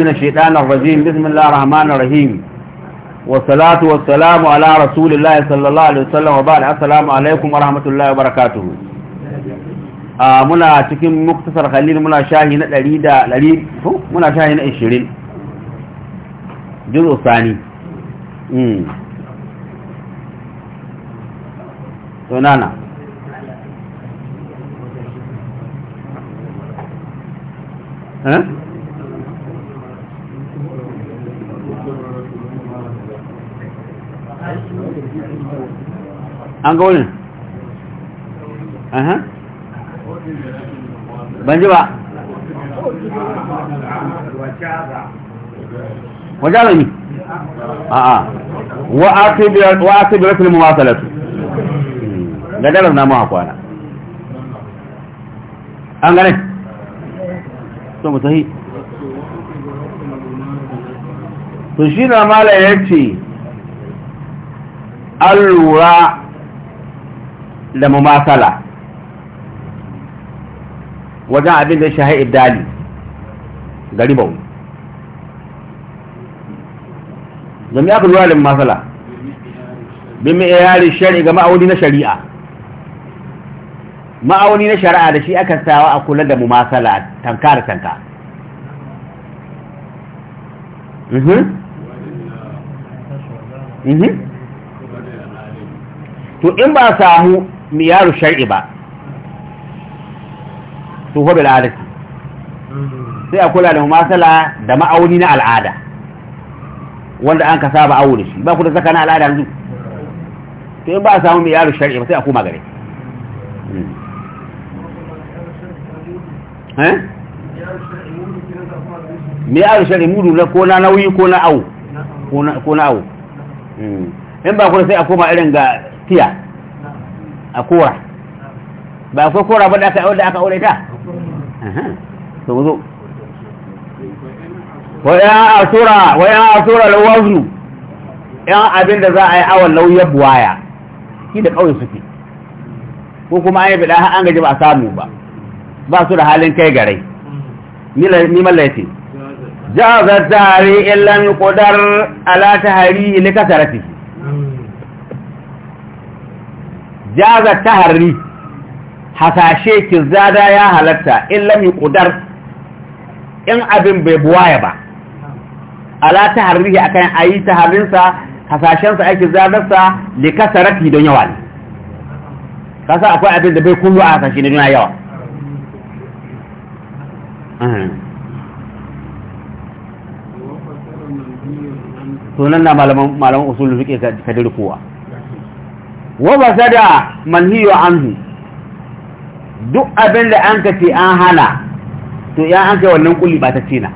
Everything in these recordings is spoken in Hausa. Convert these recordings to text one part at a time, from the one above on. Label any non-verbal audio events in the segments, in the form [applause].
من الشيطان الرجيم بسم الله الرحمن الرحيم والصلاة والسلام على رسول الله صلى الله عليه وسلم وبعد السلام عليكم ورحمة الله وبركاته منا تكين مختصر خليل منا شاهين لليد لليد منا شاهين الشرين جزء الثاني تنانا ها an ga wani aha ban ji ba wajalami a'a wa a ce wa akibiyar filmu masalatu ga dalar na mawa kwana an gane so mu sahi to shi na mala ya ce an lura da mumasala wajen abin da shahi ibdali gari bau zami aka lura da mumasala bin yari shari'a ga ma'auni na shari'a ma'auni na shari'a da shi aka sawa a kula da mumasala tanka da tanka mhm. Mhm. to in ba a samu miyaru shari'i ba to hobe al'adati sai a kula da masala da ma'auni na al'ada wanda an ka saba awo da shi ba ku da zaka na al'ada yanzu to in ba a samu miyaru shari'i ba sai a koma gare hmm. eh? miyaru shari'i mudu na ko na nauyi ko na ko na awo in ba kuma sai a koma irin ga tiya a kora ba akwai kora ba da aka aure da aka aure ta to zo wa ya asura wa ya yan abin da za a yi awon lauyar buwaya shi da kawai suke ko kuma an yi bida an gaji ba a samu ba ba su da halin kai garai ni mallaitin Jaza جاز ta hari يقدر على تهريه لكثرته ta hari hasashe ki zada ya halatta in lam in abin bai buwaya ba ala hari akan ayi sa hasashen sa ake sa li kasarati don yawa ne kasa akwai abin da bai kullu a hasashe ne don yawa sunan na malaman malaman usul suke kadir kowa wa basada manhiyo anhu duk abin da an kace an hana to ya an kai wannan kulli ba ta ce na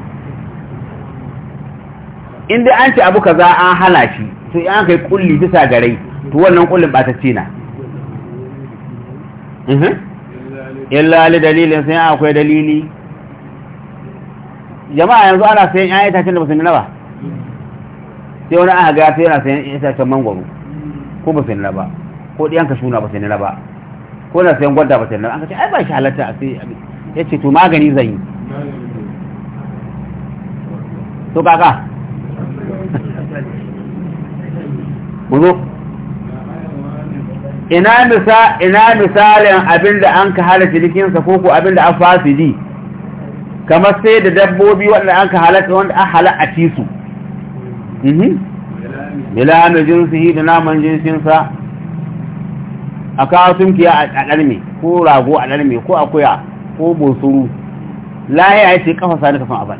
in dai an ce abu kaza an hana shi to ya an kai kulli bisa gare to wannan kullin ba ta ce na mhm. illa li dalilin sai akwai dalili jama'a yanzu ana sayan 'ya'yan tun da ba su nuna ba sai wani aka ga ta yana sayan itacen mangwaro ko ba na ba ko ɗiyan ka shuna ba na ba ko na sayan gwada ba na ba an ka ce ai ba shi halatta a sai ya ce to magani zan yi to kaka buzo ina misa ina misalin abinda an ka halatta cikin sa ko ko abinda an fasidi kamar sai da dabbobi wanda an ka halatta wanda an halatta ci su Mhm. bila na jinsihi da naman jinsinsa a kawo tunkiya a ɗarme ko rago a ɗarme ko akuya ko bosuru a ya ce kafa sani kafin abal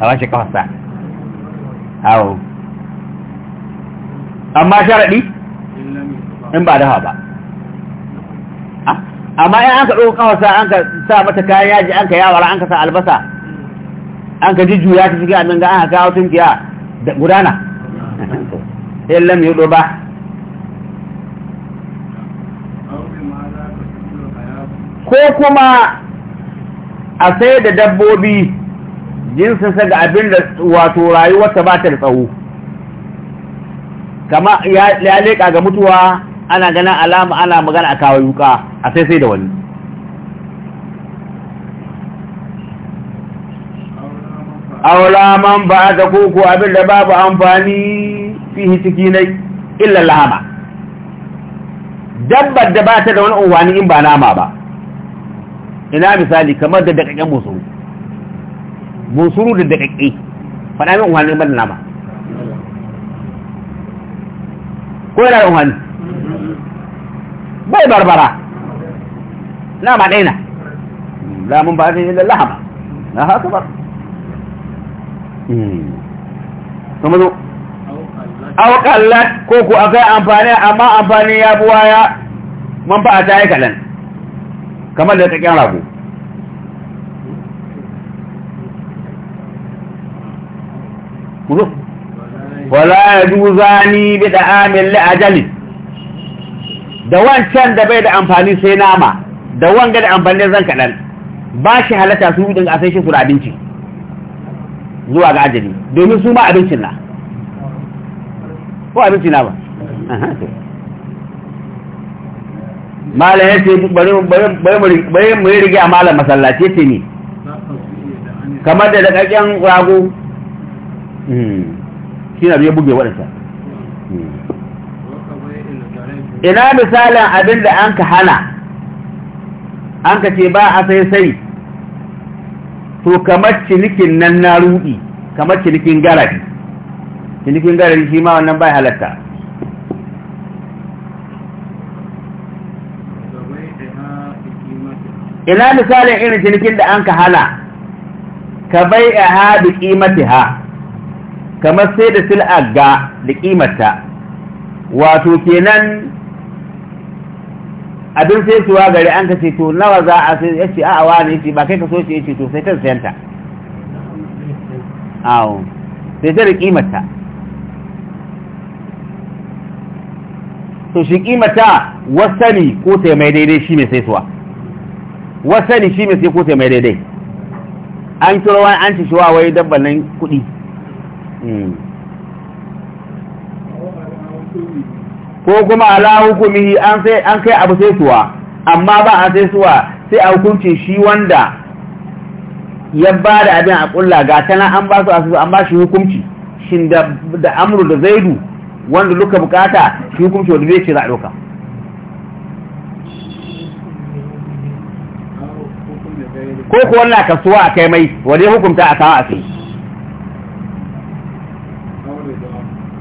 a washe kafa sa hau amma sharaɗi in ba da ba ah, amma in an ka ɗauka kafa sa an ka sa mata kayan yaji an ka yawara an ka sa albasa an ka ya ta cikin abin ga an haka hutun da gudana [laughs] lam yi ba ko kuma a sai da dabbobi sa ga abin da wato ta ba ta da tsawo kama ya leƙa ga mutuwa ana ganin alama ana magana a kawai wuka a sai sai da wani aula man ba ta koko abin da babu amfani fihi ciki na illa lahama dabbar da ba ta da wani umarni in ba nama ba ina misali kamar da daƙaƙen busuru busuru da daƙaƙe faɗa min umarni ba da nama ko yana da umarni bai barbara nama ɗaya lamun ba ta yi illa lahama na haka ba. kuma zo auƙallat ko ku akai amfani amma amfani ya man ya a ta yi kaɗan kamar da kyan rago kuzo wala ya duza ni bi da amin ajali da wancan da bai da amfani sai nama da wanga da amfani zan kaɗan ba shi halatta su yi ɗin a sai shi su da abinci zuwa ga ajali domin su ma abincin na ko abincin na ba malam ya ce bari mu yi rige a malam masallaci ce ne kamar da daƙaƙen rago hmm. shi na biyu buge waɗansa hmm. ina misalin abin da an ka hana an ka ce ba a sai sai to kamar cinikin nan na rudi kamar cinikin garadi cinikin garadi shi ma wannan bai halatta ina misalin irin cinikin da an ka hana ka bai a ha da kimati ha kamar sai da sil'ar ga da ƙimata wato kenan abin sai suwa gari an ka ce to nawa za a sai yace a awa ne yace ba kai ka so ce yace to sai ta sayanta awo sai ta rikimarta to shi kimata wasani ko ta mai daidai shi mai sai suwa wasani shi mai sai ko ta mai daidai an kiro wani an ci shi wa wai dabban nan kuɗi hmm. ko kuma ala hukumi an sai an kai abu sai suwa amma ba an sai suwa sai a hukunci shi wanda ya ba da abin a kulla ga tana an ba su asusu amma shi hukunci shin da da amru da zaidu wanda luka bukata shi hukunci wanda zai ce za a doka ko ko wannan kasuwa a kai mai wanda ya hukunta a kawo a sai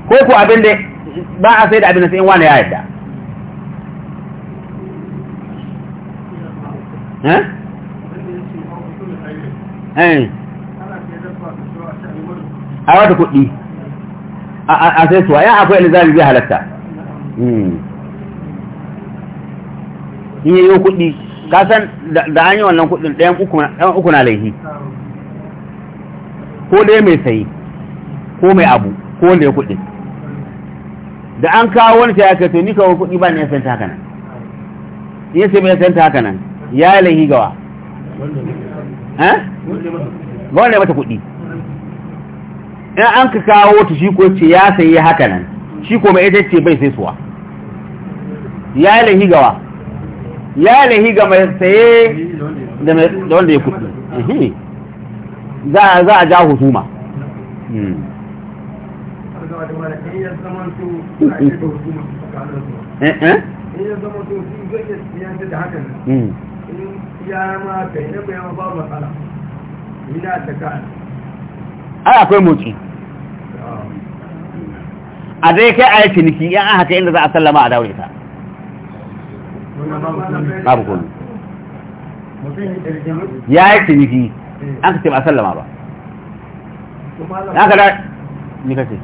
ko ko abin da ba a sai da abin sai in wani ya yadda eh? Eh. a wata kuɗi a sai suwa yan akwai ilizami zai halatta hmm. in yi yau kuɗi kasan da an yi wannan kuɗin ɗayan uku na laihi ko dai mai sayi ko mai abu ko wanda ya kuɗi da an kawo wani ta yaka to ni kawo kuɗi ba ni ya santa haka nan ya sai mai santa haka nan ya lahi gawa ga eh? wanda ya mata kuɗi in an ka kawo ta shi ko ce ya sayi haka nan shi ko mai ita ce bai sai suwa ya yi lahi gawa ya lahi ga mai saye da wanda ya kuɗi za a ja husuma hmm. Eh, eh? Hmm. ai akwai motsi a zai kai a yi ciniki yan an haka inda za a sallama a daure ta babu kunu ya yi ciniki an ka ce ba a sallama ba an ka da ni ka ce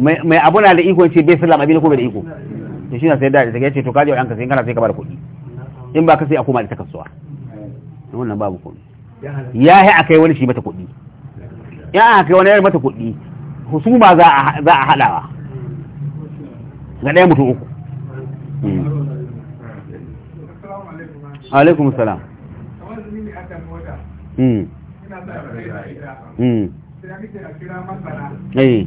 mai abu na da iko ce bai sallama abin kuma bai da iko to shi na sai da take ce to kaje yanka sai kana sai ka bar kuɗi in ba ka sai a koma da takasuwa wannan babu komai ya yi akai wani shi mata kuɗi ya akai wani yar mata kuɗi husuma za za a hadawa ga ɗaya mutum uku hmm. alaikum salam Hmm. Hmm eh.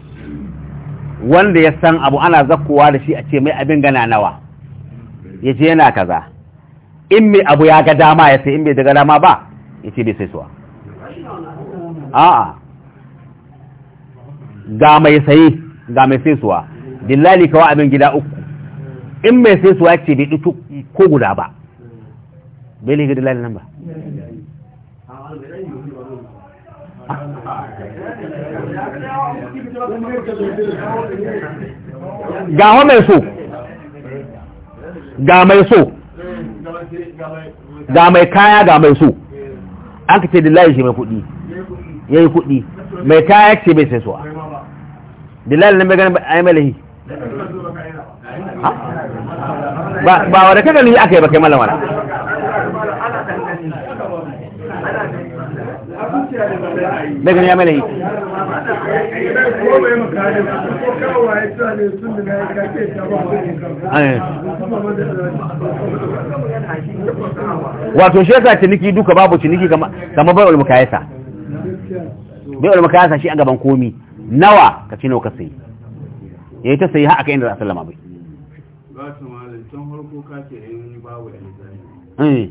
wanda ya san abu ana zakkowa da shi a ce mai abin gana nawa ya ce yana kaza in mai abu ya ga dama ya sai in bai daga dama ba ya ce bai sai suwa a'a ga mai sayi ga mai sai suwa dillali kawai abin gida uku in mai sai suwa ce bai ɗi ko guda ba bai ga dillali nan ba ga mai so ga mai so ga mai kaya ga mai so aka ce dillahi shi mai kudi ya yi kudi mai kaya ce bai sai suwa dillahi na maganin a yi malahi ba wadda kagali aka yi bakai kai malamara daga ya mele yi eh. wato shi yasa ciniki duka babu ciniki kama bai ulmuka yasa bai ulmuka yasa shi a gaban komi nawa ka ci nawa ka ya yi ta sayi haka inda za a sallama bai eh.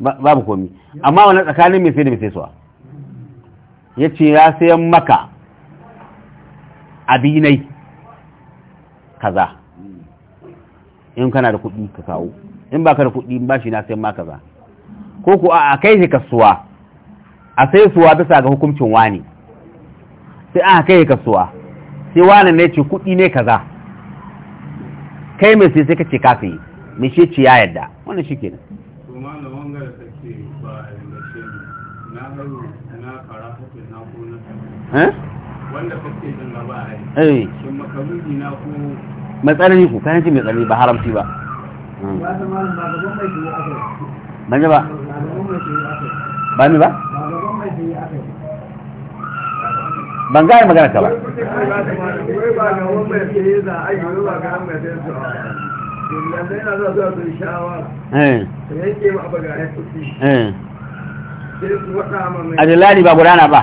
babu komi amma wani tsakanin mai sai da mai sai suwa ya ce ya sayan maka abinai kaza in kana da kuɗi ka kawo in baka da kuɗi ba shi na sayan maka kaza ko ku a kai shi kasuwa a sai suwa bisa ga hukuncin wani sai a kai shi kasuwa sai wani ne ce kuɗi ne kaza kai mai sai sai ka ce ka mai shi ce ya yadda wannan shi kenan Eh? wanda kake jin eh shin na ko matsalani ku ji mai ba haramci ba hmm. ban ba ba ba ban gane magana ka ba a da eh. eh. ba gudana ba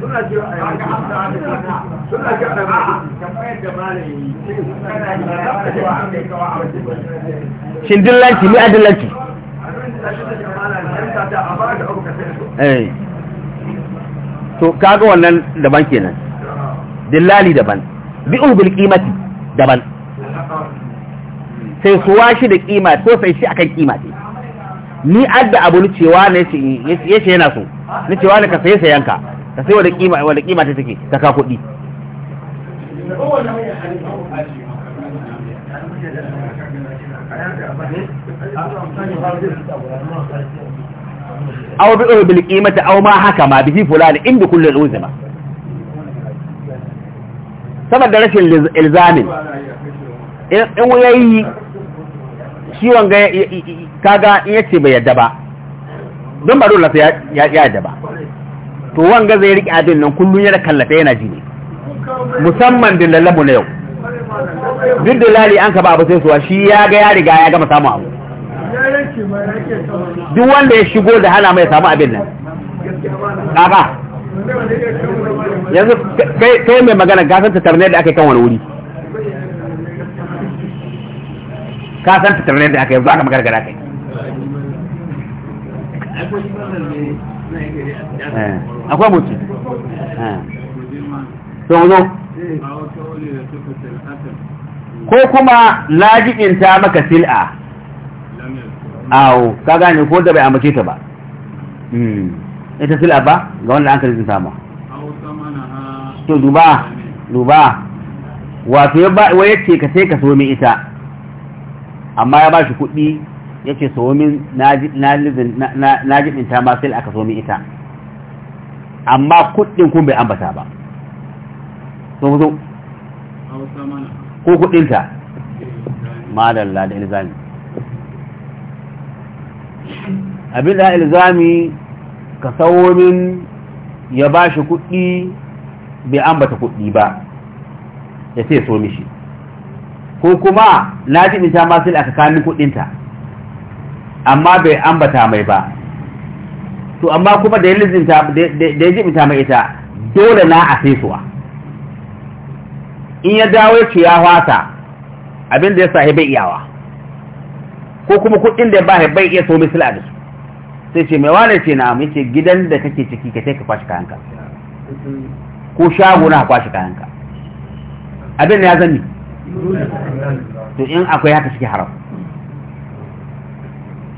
suna a yanzu suna a shin dillanci ni a dillanci eh. to kaga wannan daban kenan dillali daban bi'u bil qimati daban sai suwa shi da kima ko sai shi akan kima ce ni adda abu ni cewa ne yace yana so ni cewa ne ka sai sayanka ka sai wani kima wani kima ta take ta ka kuɗi aw bi bil qimati aw ma haka ma bihi fulani inda kullum uzima saboda rashin ilzamin in yayi shi wanga kaga in yace bai yadda ba don ba dole ya yadda ba to wanga zai riƙe abin nan kullum yana kallafe yana ji ne musamman lallabu na yau duk da lali an ka ba abu sai suwa shi ya ga ya riga ya gama samu abu duk wanda ya shigo da hana mai samu abin nan ƙaƙa yanzu kai mai magana gasar tattarne da aka yi kan wani wuri ka san tattarne da aka yi zuwa aka magana gada kai Eh, akwai mutum eh. tono ko kuma ta maka sil'a awo ka gane ko da bai amince ta ba hmm. ita sil'a ba ga wanda an karfin sama to duba duba wato ya ce ka sai ka so min ita amma ya ba shi kuɗi yake ce so min na jibinta ma sai aka so min ita amma kuɗin kun bai ambata ba so zo ko kuɗinta madalla da ilzami abin da ilzami ka sawo min ya ba shi kuɗi bai ambata kuɗi ba ya sai so mishi ko kuma na jibinta ma sai aka kuɗin ta. amma bai ambata mai ba to amma kuma da ya lizinta da ya jibinta mai ita dole na a fesuwa in ya dawo ya ce ya hwata abin da ya sahi bai iyawa ko kuma kuɗin da ba bai iya so misila da su sai ce mai wane ce na mu ce gidan da kake ciki ka ce ka kwashi kayanka ko shago na kwashi kayanka abin da ya zani to in akwai haka suke haram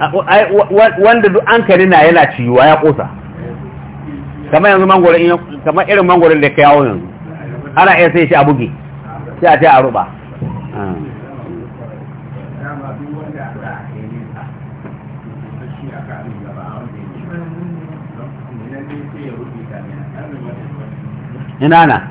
wanda duk an kari na yana ciwa ya kosa kamar yanzu mangoro kamar irin mangoro da ka yawo yanzu ana iya sai shi a buge sai a ce a ruba ina na